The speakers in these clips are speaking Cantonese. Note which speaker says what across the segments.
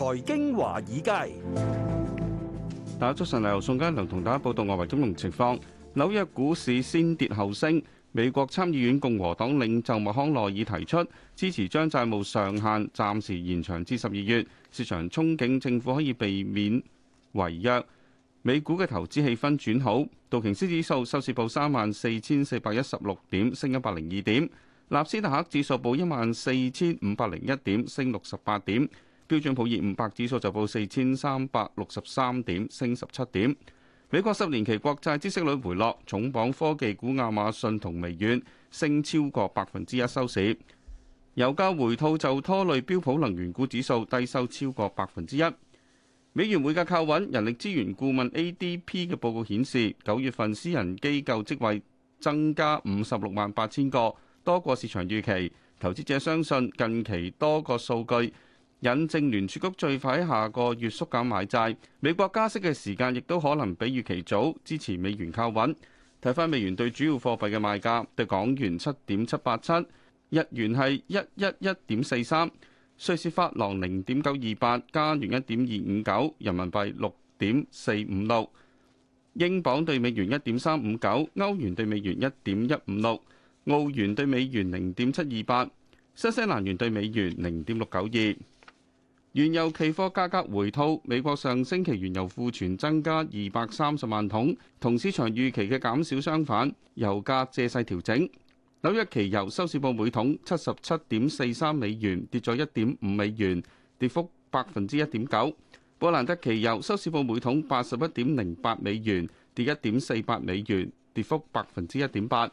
Speaker 1: 財經華爾街，大家早晨嚟，由宋嘉良同大家報道外圍金融情況。紐約股市先跌後升，美國參議院共和黨領袖麥康奈爾提出支持將債務上限暫時延長至十二月，市場憧憬政府可以避免違約。美股嘅投資氣氛轉好，道瓊斯指數收市報三萬四千四百一十六點，升一百零二點；納斯達克指數報一萬四千五百零一點，升六十八點。標準普爾五百指數就報四千三百六十三點，升十七點。美國十年期國債孳息率回落，重磅科技股亞馬遜同微軟升超過百分之一收市。油價回吐就拖累標普能源股指數低收超過百分之一。美元匯價靠穩，人力資源顧問 ADP 嘅報告顯示，九月份私人機構職位增加五十六萬八千個，多過市場預期。投資者相信近期多個數據。引政聯儲局最快喺下個月縮減買債，美國加息嘅時間亦都可能比預期早，支持美元靠穩。睇返美元對主要貨幣嘅賣價，對港元七點七八七，日元係一一一點四三，瑞士法郎零點九二八，加元一點二五九，人民幣六點四五六，英鎊對美元一點三五九，歐元對美元一點一五六，澳元對美元零點七二八，新西蘭元對美元零點六九二。原油期貨價格回吐，美國上星期原油庫存增加二百三十萬桶，同市場預期嘅減少相反，油價借勢調整。紐約期油收市報每桶七十七點四三美元，跌咗一點五美元，跌幅百分之一點九。布蘭德期油收市報每桶八十一點零八美元，跌一點四八美元，跌幅百分之一點八。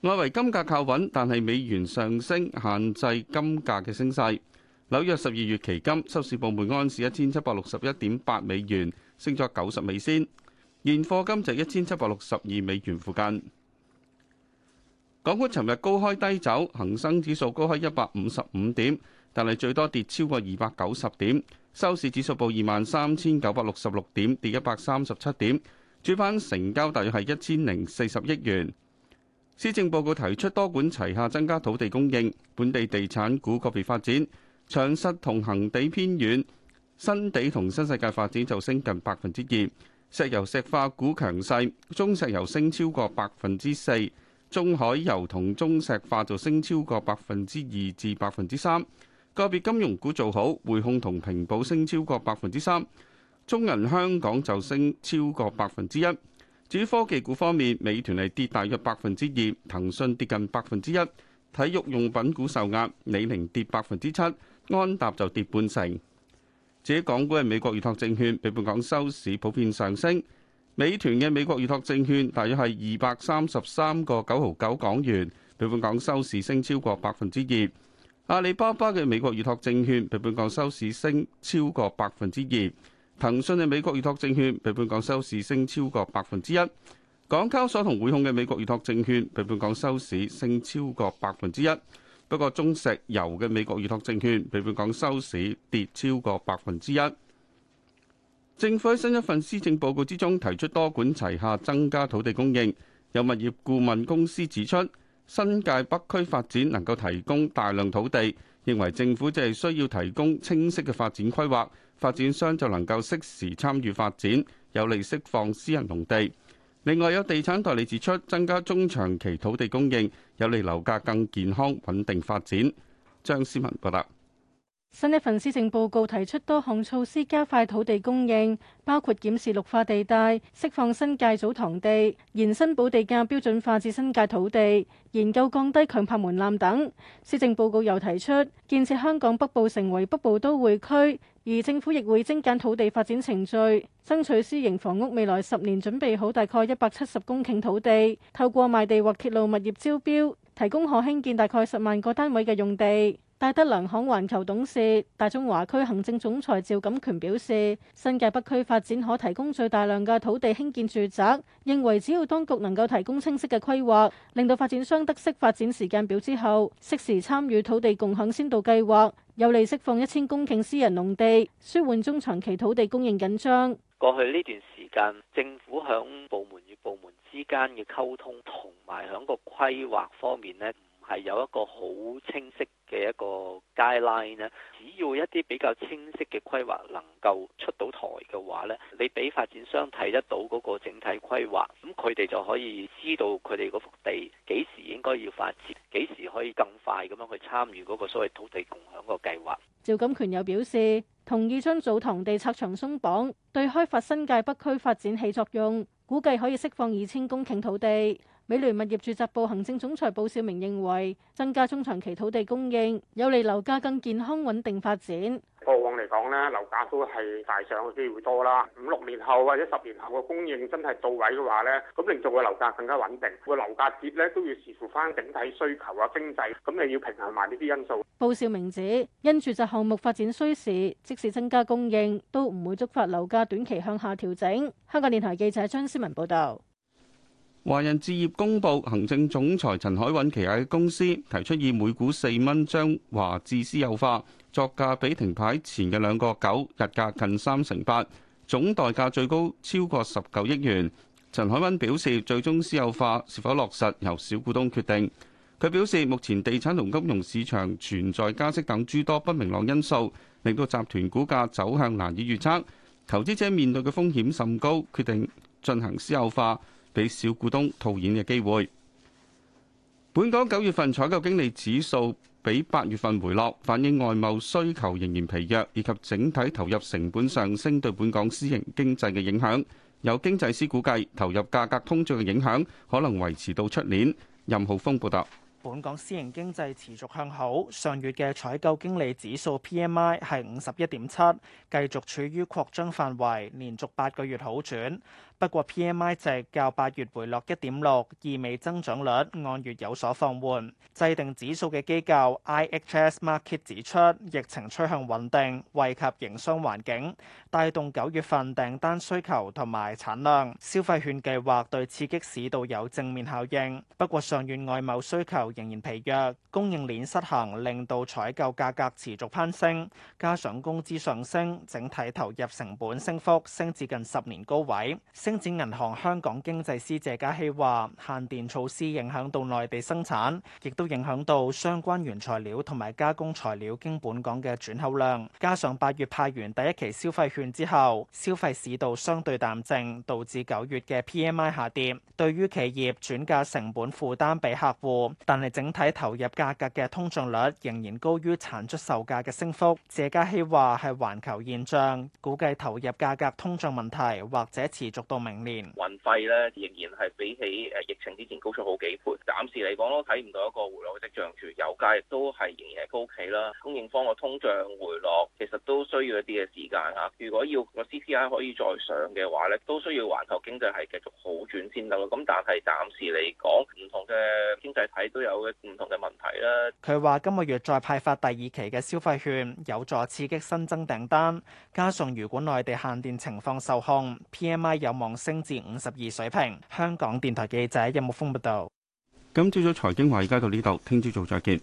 Speaker 1: 外圍金價靠穩，但係美元上升，限制金價嘅升勢。紐約十二月期金收市報每安士一千七百六十一點八美元，升咗九十美仙。現貨金就一千七百六十二美元附近。港股尋日高開低走，恆生指數高開一百五十五點，但係最多跌超過二百九十點。收市指數報二萬三千九百六十六點，跌一百三十七點。主板成交大約係一千零四十億元。施政報告提出多管齊下，增加土地供應，本地地產股個別發展。長實同恒地偏軟，新地同新世界發展就升近百分之二。石油石化股強勢，中石油升超過百分之四，中海油同中石化就升超過百分之二至百分之三。個別金融股做好，匯控同平保升超過百分之三，中銀香港就升超過百分之一。至於科技股方面，美團係跌大約百分之二，騰訊跌近百分之一。體育用品股受壓，李寧跌百分之七。安踏就跌半成，自己港股嘅美國預託證券，比本港收市普遍上升。美團嘅美國預託證券，大約係二百三十三個九毫九港元，比本港收市升超過百分之二。阿里巴巴嘅美國預託證券，比本港收市升超過百分之二。騰訊嘅美國預託證券，比本港收市升超過百分之一。港交所同匯控嘅美國預託證券，比本港收市升超過百分之一。不過，中石油嘅美國預託證券，譬如講收市跌超過百分之一。政府喺新一份施政報告之中提出多管齊下增加土地供應，有物業顧問公司指出，新界北區發展能夠提供大量土地，認為政府淨係需要提供清晰嘅發展規劃，發展商就能夠適時參與發展，有利釋放私人農地。另外有地產代理指出，增加中長期土地供應，有利樓價更健康穩定發展。張思文報道，
Speaker 2: 新一份施政報告提出多項措施加快土地供應，包括檢視綠化地帶、釋放新界祖堂地、延伸保地價標準化至新界土地、研究降低強拍門檻等。施政報告又提出建設香港北部成為北部都會區。而政府亦會精簡土地發展程序，爭取私營房屋未來十年準備好大概一百七十公頃土地，透過賣地或鐵路物業招標，提供可興建大概十萬個單位嘅用地。大德良行環球董事、大中華區行政總裁趙錦權表示：新界北區發展可提供最大量嘅土地興建住宅，認為只要當局能夠提供清晰嘅規劃，令到發展商得悉發展時間表之後，適時參與土地共享先導計劃，有利釋放一千公頃私人農地，舒緩中長期土地供應緊張。
Speaker 3: 過去呢段時間，政府響部門與部門之間嘅溝通同埋響個規劃方面呢係有一個好清晰嘅一個 guideline 呢，只要一啲比較清晰嘅規劃能夠出到台嘅話呢，你俾發展商睇得到嗰個整體規劃，咁佢哋就可以知道佢哋嗰幅地幾時應該要發展，幾時可以更快咁樣去參與嗰個所謂土地共享個計劃。
Speaker 2: 趙錦權又表示，同意將祖堂地拆牆鬆綁，對開發新界北區發展起作用，估計可以釋放二千公頃土地。美聯物業住宅部行政總裁布少明認為，增加中長期土地供應，有利樓價更健康穩定發展。
Speaker 1: 過往嚟講呢，樓價都係大上嘅機會多啦。五六年後或者十年後嘅供應真係到位嘅話呢，咁令到嘅樓價更加穩定。個樓價跌呢，都要視乎翻整體需求啊、經濟，咁你要平衡埋呢啲因素。
Speaker 2: 布少明指，因住宅項目發展需時，即使增加供應，都唔會觸發樓價短期向下調整。香港電台記者張思文報道。
Speaker 1: 華人置業公布，行政總裁陳海韻旗下嘅公司提出以每股四蚊將華置私有化作價，比停牌前嘅兩個九，日價近三成八，總代價最高超過十九億元。陳海韻表示，最終私有化是否落實由小股東決定。佢表示，目前地產同金融市場存在加息等諸多不明朗因素，令到集團股價走向難以預測，投資者面對嘅風險甚高，決定進行私有化。俾小股東套現嘅機會。本港九月份採購經理指數比八月份回落，反映外貿需求仍然疲弱，以及整體投入成本上升對本港私營經濟嘅影響。有經濟師估計，投入價格通脹嘅影響可能維持到出年。任浩峰報道。
Speaker 3: 本港私營經濟持續向好，上月嘅採購經理指數 PMI 係五十一點七，繼續處於擴張範圍，連續八個月好轉。不過 P.M.I 值較八月回落一點六，意味增長率按月有所放緩。制定指數嘅機構 IHS Markit 指出，疫情趨向穩定，惠及營商環境，帶動九月份訂單需求同埋產量。消費券計劃對刺激市道有正面效應，不過上月外貿需求仍然疲弱，供應鏈失衡令到採購價格持續攀升，加上工資上升，整體投入成本升幅升至近十年高位。星展銀行香港經濟師謝家希話：限電措施影響到內地生產，亦都影響到相關原材料同埋加工材料經本港嘅轉口量。加上八月派完第一期消費券之後，消費市道相對淡靜，導致九月嘅 PMI 下跌。對於企業轉嫁成本負擔俾客戶，但係整體投入價格嘅通脹率仍然高於產出售價嘅升幅。謝家希話：係環球現象，估計投入價格通脹問題或者持續到。明年運費咧仍然係比起誒疫情之前高出好幾倍，暫時嚟講都睇唔到一個回落嘅跡象，住油價亦都係仍然高企啦。供應方個通脹回落其實都需要一啲嘅時間嚇。如果要個 CPI 可以再上嘅話咧，都需要環球經濟係繼續好轉先得。咁但係暫時嚟講，唔同嘅經濟體都有唔同嘅問題啦。佢話今個月再派發第二期嘅消費券，有助刺激新增訂單，加上如管內地限電情況受控，PMI 有望升至五十二水平。香港電台記者任木鋒報道。
Speaker 2: 今朝早財經華爾街而家到呢度，聽朝早再見。